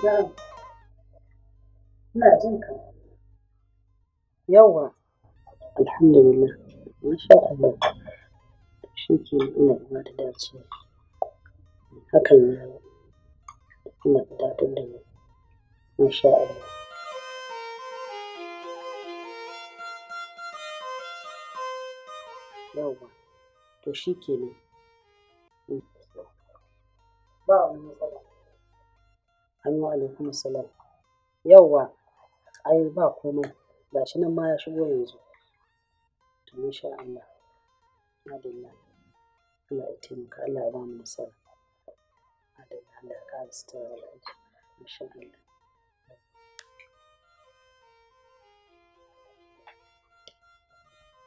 ina jin ka. Yawwa, alhamdulillah, ina da dace. Hakan na ina daɗin Yawwa, to shi ke Ba wani matsala. Hannu alaikum salam. Yawwa, ai ba komai. Ga shi nan ma ya shigo yanzu. To insha Allah. Alhamdulillah. Allah ya taimaka, Allah ya ba mu nasara. Alhamdulillah, Allah Allah.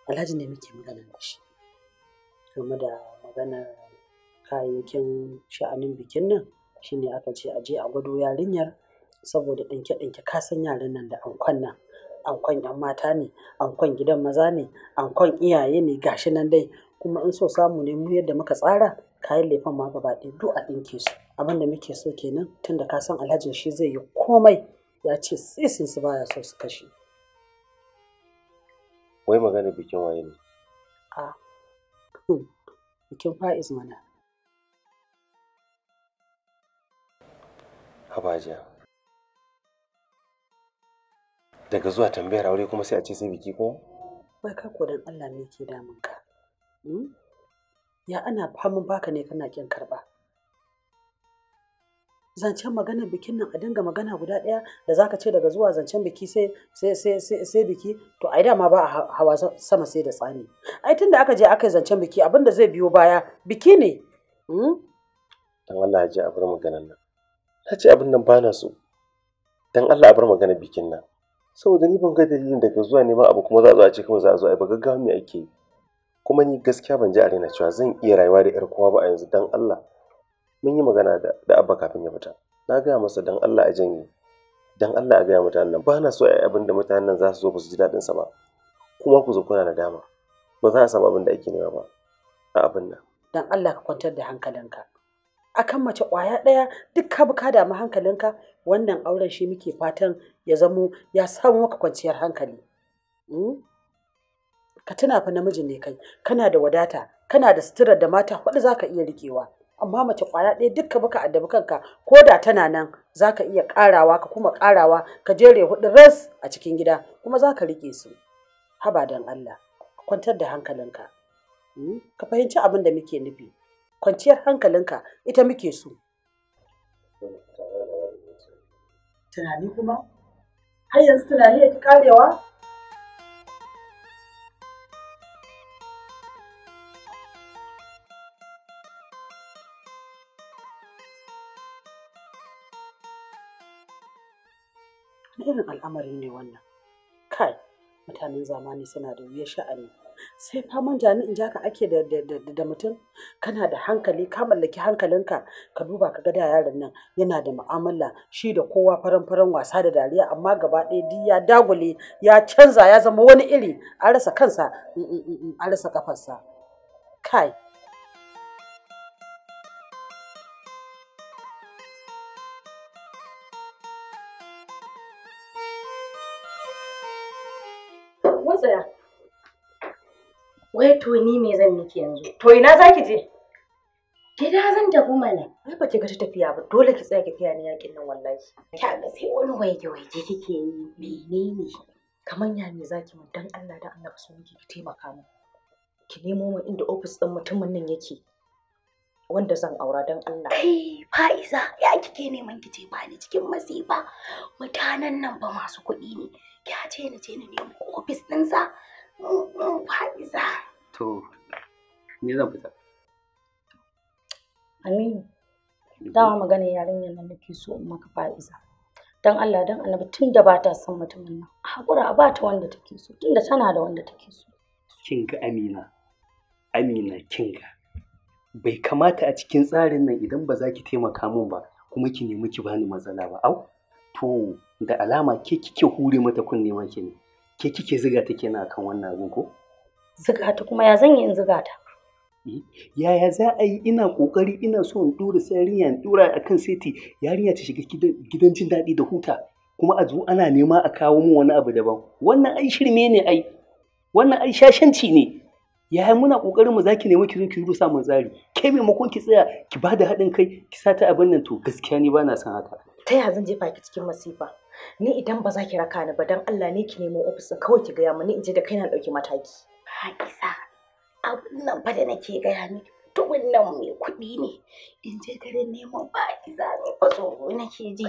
Alhaji ne muke magana da shi. Game da maganar kayayyakin sha'anin bikin nan. shine aka ce a je a gwado yarinyar saboda ɗinke-ɗinke ka san yaran nan da ankon nan ankon 'yan mata ne ankon gidan maza ne ankon iyaye ne gashi nan dai kuma in so samu ne mu yadda muka tsara kayan lefen ma gaba ɗaya duk a ɗinke su abin da muke so kenan tunda ka san Alhaji shi zai yi komai ya ce sisin su baya so su kashe wai magana bikin waye ne a ah, hmm, bikin fa'iz mana habajiya daga zuwa tambayar aure kuma sai a ce sai biki ko wai ka ko dan Allah ne ke damun ka hmm? ya ana famin baka ne kana kin karba zancen maganar bikin nan a dinga magana guda ɗaya da za ka ce daga zuwa zancen biki sai sai sai sai biki to ai dama ba a hawa sama sai da tsani ai tunda aka je aka yi zancen biki abinda zai biyo baya biki ne hmm? dan Allah ya ji a maganar nan ta ce abin nan bana so dan Allah a bar magana bikin nan saboda ni ban ga dalilin daga zuwa neman abu kuma za a zo a ce kawai za a zo a ba gaggawa me ake yi kuma ni gaskiya ban ji a raina cewa zan iya rayuwa da yar kowa ba a yanzu dan Allah mun yi magana da da abba kafin ya fita na gaya masa dan Allah a janye dan Allah a gaya mutanen nan ba na so a yi abin da mutanen nan za su zo ba su ji daɗinsa sa ba kuma ku zo kuna nadama ba za a samu abin da ake nema ba a abin nan dan Allah ka kwantar da hankalinka akan mace kwaya ɗaya duk ka bi ka damu hankalinka wannan auren shi muke fatan ya zamo ya samu maka kwanciyar hankali hmm? ka tuna fa namiji ne kai kana da wadata kana da suturar da mata hudu za ka iya rikewa amma mace kwaya ɗaya duk ka bi ka addabi kanka ko da tana nan za ka iya karawa ka kuma ƙarawa ka jere hudu ras a cikin gida kuma za ka riƙe su haba dan Allah kwantar da hankalinka hmm? ka fahimci abin da muke nufi kwanciyar hankalinka ita muke so tunani kuma har yanzu tunani ya fi karewa irin al'amari ne wannan kai mutanen zamani suna da wuya sha'ani sai fa jami'in ni ja ake da da mutum kana da hankali ka mallaki hankalinka ka duba ka ga da yaron nan yana da mu'amala shi da kowa faran faran wasa da dariya amma gaba ɗaya duk ya dagule ya canza ya zama wani iri a rasa kansa mm, mm, mm, an rasa kafarsa kai Yeah. Wai to ni me zan miki yanzu? To ina za ki je? Gida zan tafi mana. Ai ba ki ga ta tafiya ba, dole ki tsaya ki tafiya ni yakin nan wallahi. Ki ga sai wani kike yi menene? Kaman ya me zaki mu dan Allah da Allah so miki ki taimaka mu. Ki nemo min inda office din mutumin nan yake. Wanda zan aura dan Allah. Kai Fa'iza, ya kike neman ki taimaka ni cikin masifa. Mutanen nan ba masu kuɗi ne. Ki ce ni je ni nemo office ɗinsa. Fa'iza. To, ni zan fita. Aminu, dama magana yarinyar nan nake so in maka fa'iza. Dan Allah dan Annabi tun da ba ta son mutumin nan, a hakura a ba ta wanda take so, da tana da wanda take so. Kin ga Amina, Amina kin ga. Bai kamata a cikin tsarin nan idan ba za ki taimaka min ba, kuma ki nemi ki bani matsala ba, au? To, da alama ke kike hure mata kunne ma ne. ke kike ziga ta kenan akan wannan abin ko ziga ta kuma ya zan in ziga ta eh, yaya za a yi ina kokari ina so in dura sai in dura akan seti yarinya ta shiga gidan jin daɗi da huta kuma a zo ana nema a kawo mu wani abu daban wannan ai shirme ne ai wannan ai shashanci ne yaya muna kokarin mu zaki nemo ki zo ki rusa mun tsari kai maimakon ki tsaya ki bada haɗin kai ki sata abin nan to gaskiya ni na son haka ta yaya zan jefa ki cikin masifa ni idan ba za ki raka ni ba don Allah ne ki nemo ofisin kawai ki gaya mani in je da kai na ɗauki mataki. Haƙisa, abin nan fa da nake gaya ni, mutumin nan mai kuɗi ne in je garin neman ba ne ba tsoro nake ji.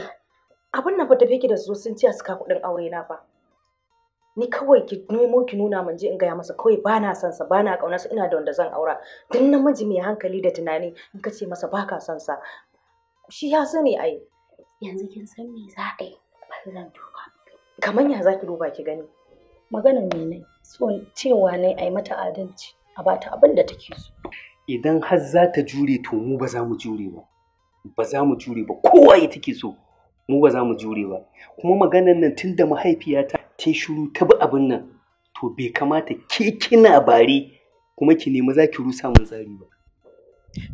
Abin nan fa da ki da su sun ce a ka kuɗin aure na ba. Ni kawai ki nemo ki nuna min je in gaya masa kawai bana son sa bana kauna sa ina da wanda zan aura duk namiji mai hankali da tunani in ka ce masa baka son sa shi ya sani ai yanzu kin san me za a yi zan duba kamar ya zaki duba ki gani maganar me ne so cewa ne ai mata adalci a bata abin da take so idan har za ta jure to mu ba za mu jure ba ba za mu jure ba kowa ya take so mu ba za mu jure ba kuma maganar nan tun da mahaifiyata ta shiru ta bi abin nan to bai kamata ke kina bare kuma ki nemi za ki rusa mun tsari ba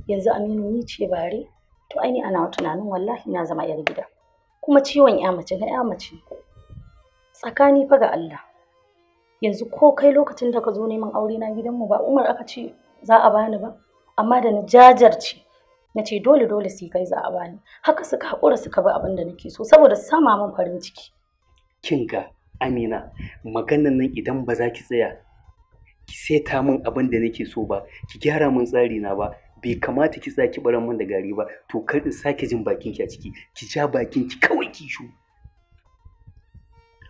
yanzu aminu ni ce bare to aini ana tunanin wallahi na zama yar gida kuma ciwon ya mace na ya mace tsakani fa ga Allah yanzu ko kai lokacin da ka zo neman aure na gidanmu ba umar aka ce za a bani ba amma da na jajarce na ce dole dole sai kai za a bani haka suka haƙura suka bi abin da nake so saboda sama min farin ciki kin ga amina maganan nan idan ba za ki tsaya ki seta min abin da nake so ba ki gyara min tsari na ba bai kamata ki tsaki baran min da gari ba to kar in sake jin bakin ki a ciki ki ja bakin ki kawai ki shu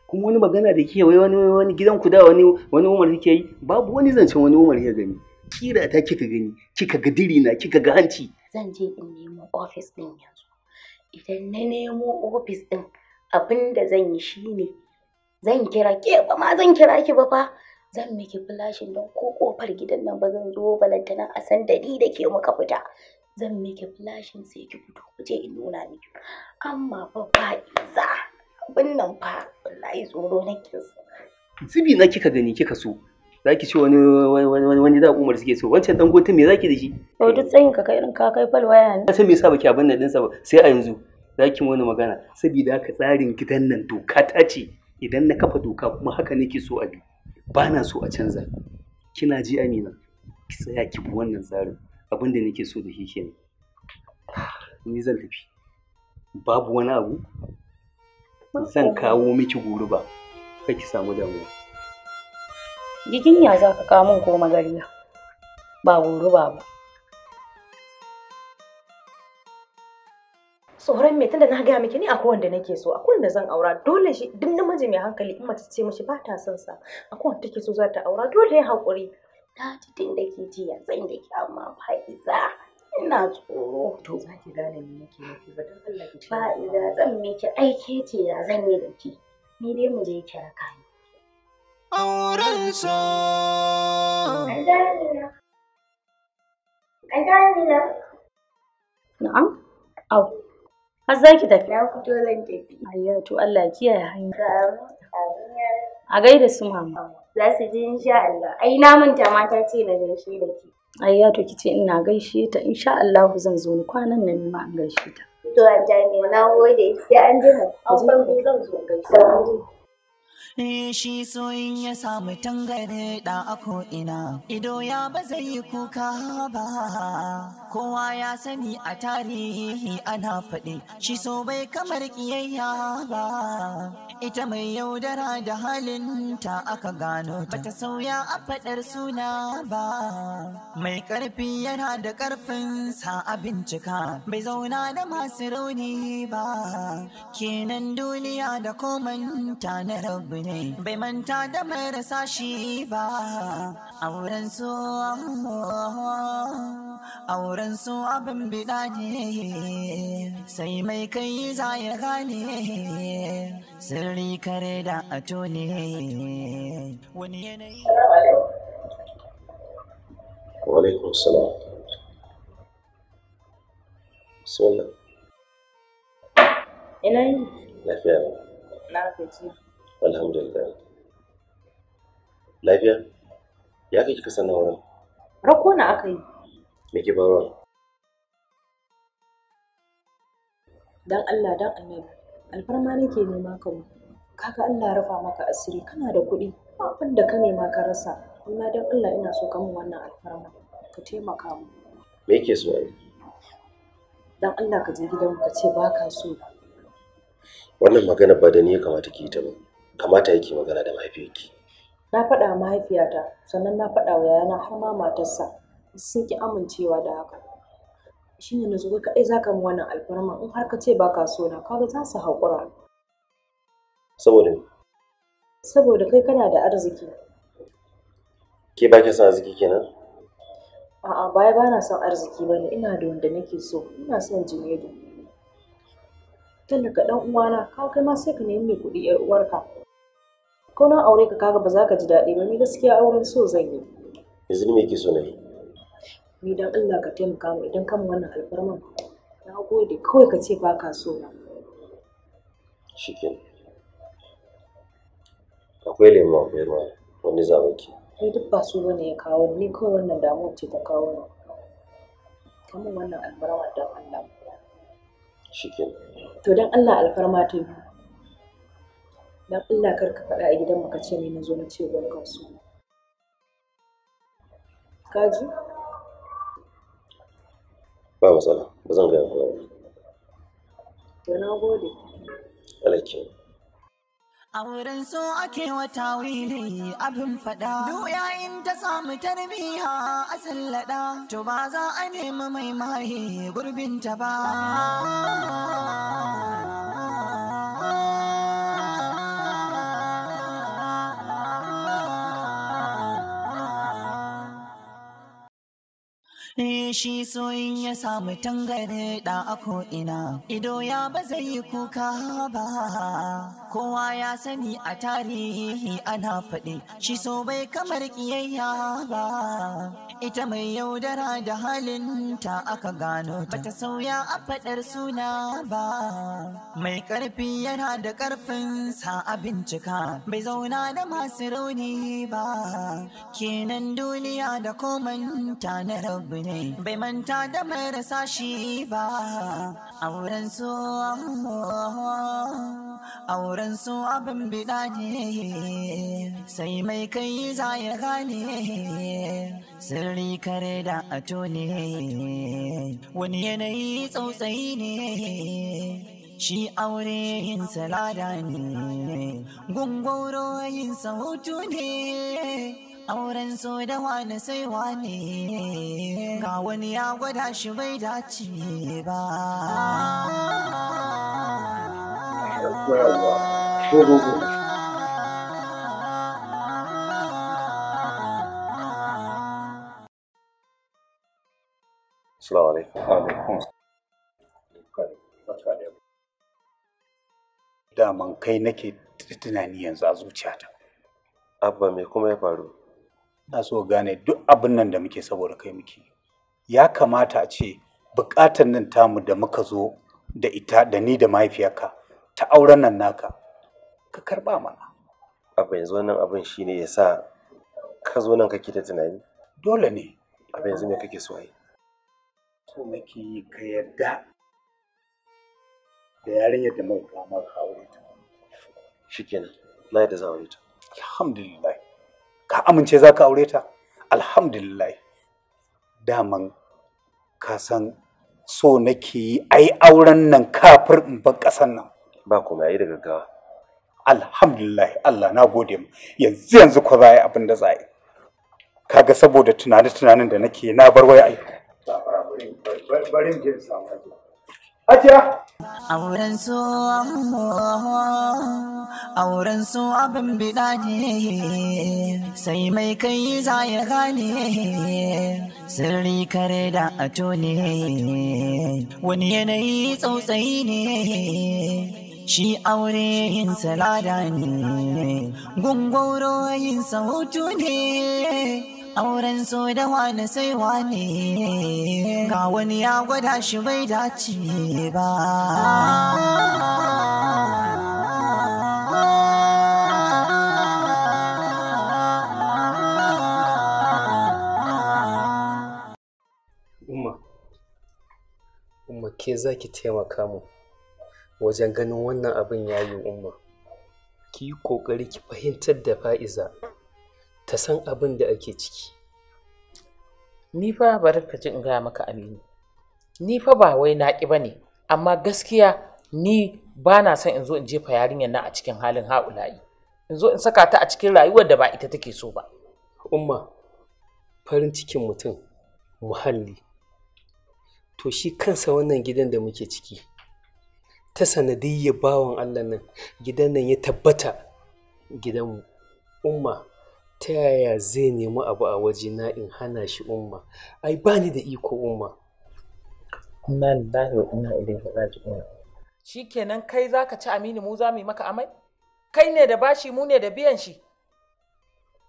kuma wani magana da kike wai wani wani gidan ku da wani wani Umar kike yi babu wani zancen wani Umar ya gani kira ta kika gani kika ga diri na kika ga hanci zan je in nemo office din yanzu idan na nemo office din abin da zan yi shine zan kira ke ba ma zan kira ki ba fa zan miki flashin don ko kofar gidan nan ba zan zo balantana a san da ni da ke muka fita zan miki flashin sai ki fito ku je in nuna miki amma fa ba iza abin nan fa wallahi tsoro nake zubi na kika gani kika so za ki ci wani wani da umar suke so wancan dan gota me zaki da shi to duk tsayin ka kai irin ka kai waya ne sai me yasa baki abin nan din sa sai a yanzu zaki wani magana saboda haka tsarin gidan nan doka ta ce idan na kafa doka kuma haka nake so a bi ba na so a canza kina ji amina ki tsaya ki bi wannan tsarin abin da nake so da shi kenan ni zan tafi babu wani abu zan kawo miki ba kai ki samu damuwa ya za ka kawo min ko magariya ba ba ba tsoron me tunda na gaya miki ni akwai wanda nake so akwai wanda zan aura dole shi duk namiji mai hankali in mace ce mishi ba ta son sa akwai wanda take so za ta aura dole ya haƙuri ta ji tun da ke ji yanzu inda ke amma fa'iza ina tsoro to za ki gane ni nake nufi ba don Allah ki ce fa'iza zan miki aike ce ya zan yi da ki ni dai mu je ki raka ni auren so Na'am? Au. Har za ki tafi? Na fito zan tafi. Ayya to Allah ya kiyaye hanya. A gaida su mama. Za su ji insha Allah. Ai na manta mata ce na gaishe da ki. Ayya to kice ina gaishe ta insha Allah zan zo ni kwanan nan ma an gaishe ta. To an ne na gode sai an ji mu. An zan zo gaishe. shi soyin ya samu tangare da ako ina ido ya ba zai yi kuka ba kowa ya sani a tarihi ana faɗi shi so bai kamar kiyayya ba ita mai yaudara da halin ta aka gano ta bata sauya a faɗar suna ba mai ƙarfi yana da ƙarfin sa a bincika bai zauna da masu rauni ba kenan duniya da komanta na rabu ne ne bai manta da marasa shi ba auren su auren su abin bida ne sai mai kai za ya gane sirri kare da ato ne wani yanayi وعليكم السلام بسم الله ina yi lafiya na gaji alhamdulillah lafiya ya kai kika na wurin rako na aka yi me ke bawa dan Allah dan annabi alfarma nake nema ka mu kaga Allah rufa maka asiri kana da kuɗi abin da ka nema ka rasa amma dan Allah ina so ka min wannan alfarma ka taimaka mu me yake so ai dan Allah ka je gidan ka ce ba ka so wannan magana ba da ni ya kamata ki yi ta ba kamata yake magana da mahaifiyarki na faɗa wa mahaifiyata sannan na faɗa wa yayana har ma matarsa sun ki amincewa da haka Shin na zuwa kaɗai za ka wannan alfarma in har ka ce ba ka so na kaga za su haƙura saboda saboda kai kana da arziki ke ba ke son arziki kenan a'a baya ba na son arziki ne ina da wanda nake so ina son junaidu tallaka ɗan uwana kawo kai ma sai ka nemi kuɗi yar uwarka ko na aure ka kaga ba za ka ji daɗi ba ni gaskiya auren so zan yi yanzu ni me ke so na yi ni dan Allah ka taimaka mu idan kan wannan alfarman na gode kawai ka ce ba ka so na shikin akwai lemo akwai ruwa wani zaɓen ki ni duk ba so bane ya kawo ni kawai wannan damuwar ce ta kawo ni kamar wannan alfarma dan Allah shikin to dan Allah alfarma ta biyu don Allah kar ka faɗa a gidanmu ka ce ni na zo na ce uwar kansu ka ji ba matsala ba zan gaya ba to na gode alaikin A wurin so ake wata wili abin fada. ya in ta samu tarbiya a sallada, to ba za a nemi mai gurbin ta ba. shi soyin ya samu tangare da ako ina ido ya ba zai yi kuka ba kowa ya sani a tarihi ana faɗi shi so bai kamar ƙiyayya ba ita mai yaudara da halin ta aka gano ta bata sauya a faɗar suna ba mai ƙarfi yana da ƙarfin sa a bincika bai zauna da masu rauni ba kenan duniya da komanta na rabu ne bai manta da marasa shi ba auren su oh, oh, oh. auren su abin bida ne sai mai kai za ya gane sirri kare da ato ne wani yanayi tsautsayi ne shi aure yin salada ne gungoro yin sautu ne auren so da wani saiwa ne. ga wani ya gwada shi bai dace ba da Daman kai nake tunani yanzu a zuciyata. Abba me kuma ya faru? Ina so gane duk abin nan da muke saboda kai muke. Ya kamata a ce bukatar nan tamu da muka zo da ita da ni da mahaifiyarka ta auren nan naka ka karba mana abu yanzu wannan abin shine ya sa ka zo nan kake ta tunani dole ne abu yanzu me kake so ai so nake yi ka yarda da yarinyar da mai kama ka aure ta shikenan na da za aure ta alhamdulillah ka amince za ka aure ta alhamdulillah daman ka san so nake yi ai auren nan kafir in bar ƙasan nan ba kuma yi da gaggawa alhamdulillah Allah na gode mu yanzu yanzu ku za abin da zai. kaga saboda tunani tunanin da nake na bar waya ai barin jin auren su auren su abin bida ne sai mai kai za ya gane sirri kare da ato ne wani yanayi tsautsayi ne shi aure yin salada ne gungoro yin sahutu ne auren so da wani sai ne ga wani ya gwada shi bai dace ba ke za ki taimaka mu wajen ganin wannan abin ya yi umma ki yi ƙoƙari ki fahimtar da fa'iza ta san abin da ake ciki ni fa bari ka ji in gaya maka aminu ni fa ba wai naƙi ba ne amma gaskiya ni ba na son in zo in jefa yarinyar nan a cikin halin ha'ula'i in zo in saka ta a cikin rayuwar da ba ita take so ba umma farin cikin mutum muhalli to shi kansa wannan gidan da muke ciki ta sanadiyyar bawan Allah nan gidan nan ya tabbata gidanmu umma ta yaya zai nemi abu a waje na in hana shi umma ai bani da iko umma inna ina wa inna ilaihi raji'un shikenan kai zaka ci aminu mu za mu yi maka amai kai ne da bashi mu ne da biyan shi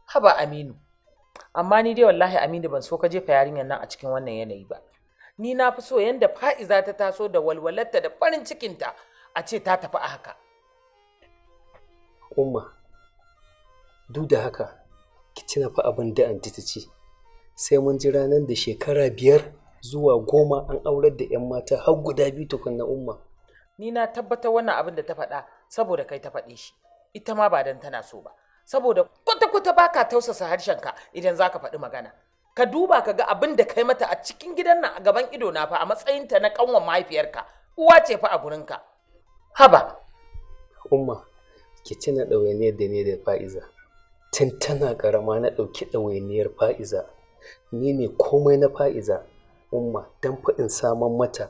haba aminu amma ni dai wallahi aminu ban so ka jefa yarinyar nan a cikin wannan yanayi ba ni na fi so yadda fa'iza ta taso da walwalarta da farin cikinta a ce ta tafi a haka umma duk da haka ki cina fa abin da an ta ce sai mun ji ranar da shekara biyar zuwa goma an aurar da 'yan mata har guda biyu tukunna umma ni na tabbatar wannan abin da ta faɗa saboda kai ta faɗi shi ita ma ba don tana so ba saboda kwata-kwata ba ka tausasa harshenka idan za ka faɗi magana ka duba ka ga abin da kai mata a cikin gidan nan a gaban ido na fa a matsayinta na kanwar mahaifiyarka uwa ce fa a gurinka haba umma ki tuna ɗawainiyar da ne da fa'iza tun tana karama na ɗauki ɗawainiyar fa'iza ni ne komai na fa'iza umma don faɗin saman mata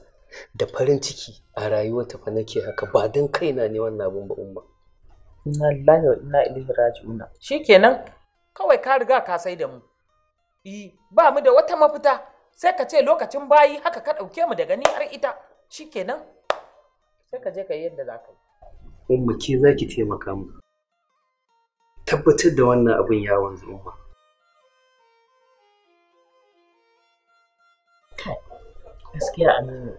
da farin ciki a rayuwarta fa nake haka ba don kaina ne wannan abun ba umma inna lillahi wa inna ilaihi shikenan kawai ka riga ka sai da mu E, ba mu da wata mafita sai ka ce lokacin bayi haka ka ɗauke mu daga ni har ita kenan sai ka je ka yi yadda za ka yi umma ke za ki taimaka mu tabbatar da wannan abin ya wanzu umma gaskiya aminu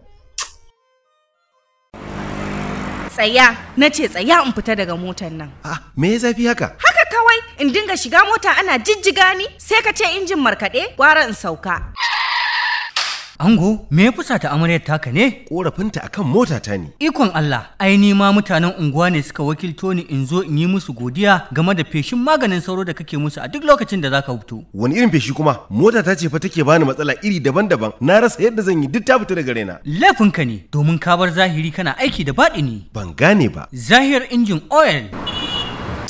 tsaya na ce tsaya in fita daga motar nan ah, me ya zafi haka kawai in dinga shiga mota ana jijjiga ni sai ka ce injin markaɗe gwara in sauka. Ango, me ya fusa ta amaryar taka ne? Ƙorafinta a kan motata ne. Ikon Allah, ai ni ma mutanen unguwa ne suka wakilto ni in zo in yi musu godiya game da feshin maganin sauro da kake musu a duk lokacin da zaka fito. Wani irin feshi kuma? mota ta ce fa take bani matsala iri daban-daban. Na rasa yadda zan yi duk ta fito daga raina. Laifinka ne, domin ka bar zahiri kana aiki da baɗi ne. Ban gane ba. Zahir injin oil.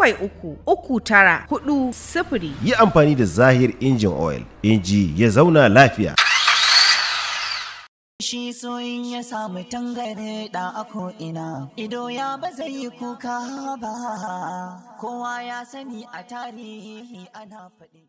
bakwai uku uku tara hudu sifiri. Yi amfani da Zahir injin oil, inji ya zauna lafiya. Shi in ya samu tangare da ako ina, ido ya ba zai yi kuka ba, kowa ya sani a tarihi ana faɗi.